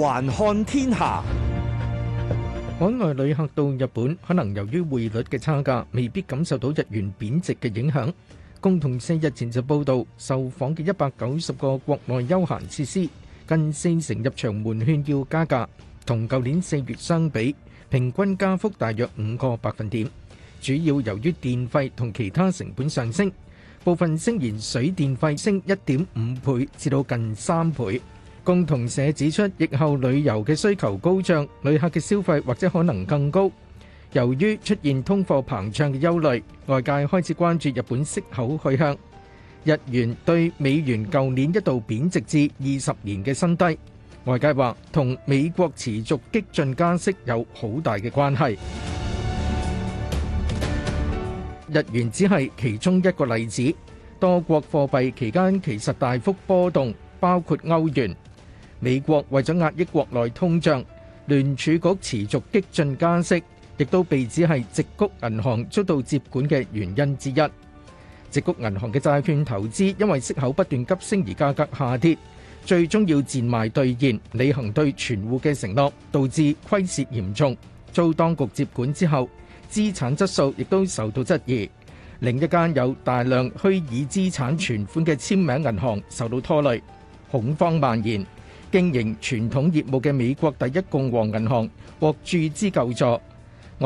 環看天下，海外旅客到日本，可能由於匯率嘅差價，未必感受到日元貶值嘅影響。共同社日前就報道，受訪嘅一百九十個國內休閒設施，近四成入場門券要加價，同舊年四月相比，平均加幅大約五個百分點，主要由於電費同其他成本上升，部分聲言水電費升一點五倍至到近三倍。共同社指出，疫後旅遊嘅需求高漲，旅客嘅消費或者可能更高。由於出現通貨膨脹嘅憂慮，外界開始關注日本息口去向。日元對美元舊年一度貶值至二十年嘅新低，外界話同美國持續激進加息有好大嘅關係。日元只係其中一個例子，多國貨幣期間其實大幅波動，包括歐元。美國為咗壓抑國內通脹，聯儲局持續激進加息，亦都被指係矽谷銀行遭到接管嘅原因之一。矽谷銀行嘅債券投資因為息口不斷急升而價格下跌，最終要賤賣兌現，履行對存戶嘅承諾，導致虧蝕嚴重。遭當局接管之後，資產質素亦都受到質疑。另一間有大量虛擬資產存款嘅簽名銀行受到拖累，恐慌蔓延。經營傳統業務嘅美國第一共和銀行獲注資救助，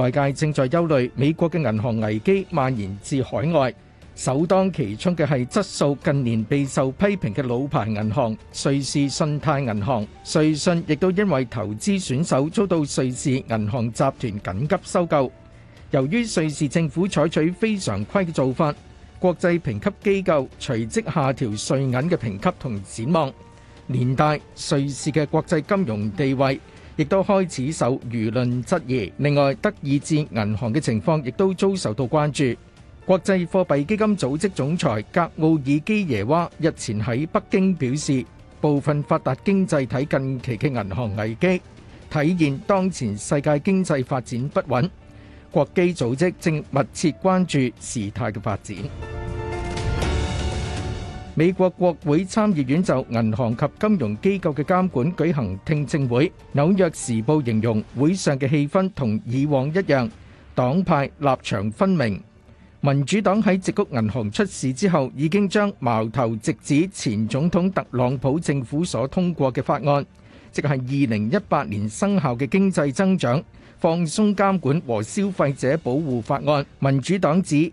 外界正在憂慮美國嘅銀行危機蔓延至海外，首當其衝嘅係質素近年備受批評嘅老牌銀行瑞士信貸銀行，瑞信亦都因為投資選手遭到瑞士銀行集團緊急收購。由於瑞士政府採取非常規嘅做法，國際評級機構隨即下調瑞銀嘅評級同展望。年代瑞士嘅國際金融地位，亦都開始受輿論質疑。另外，德意志銀行嘅情況亦都遭受到關注。國際貨幣基金組織總裁格奧爾基耶娃日前喺北京表示，部分發達經濟體近期嘅銀行危機體現當前世界經濟發展不穩，國基組織正密切關注事態嘅發展。美國國會參議院就銀行及金融機構嘅監管舉行聽證會。紐約時報形容會上嘅氣氛同以往一樣，黨派立場分明。民主黨喺矽谷銀行出事之後，已經將矛頭直指前總統特朗普政府所通過嘅法案，即係二零一八年生效嘅經濟增長放鬆監管和消費者保護法案。民主黨指。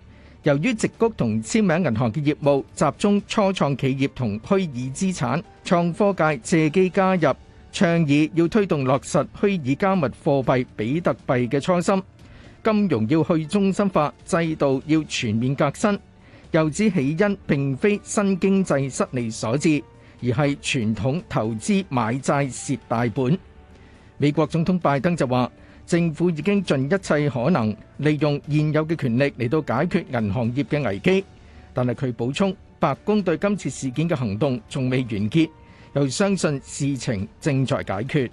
由於矽谷同簽名銀行嘅業務集中初創企業同虛擬資產，創科界借機加入，倡議要推動落實虛擬加密貨幣比特幣嘅創新。金融要去中心化，制度要全面革新。又指起因並非新經濟失利所致，而係傳統投資買債蝕大本。美國總統拜登就話：政府已經盡一切可能，利用現有嘅權力嚟到解決銀行業嘅危機，但係佢補充，白宮對今次事件嘅行動仲未完結，又相信事情正在解決。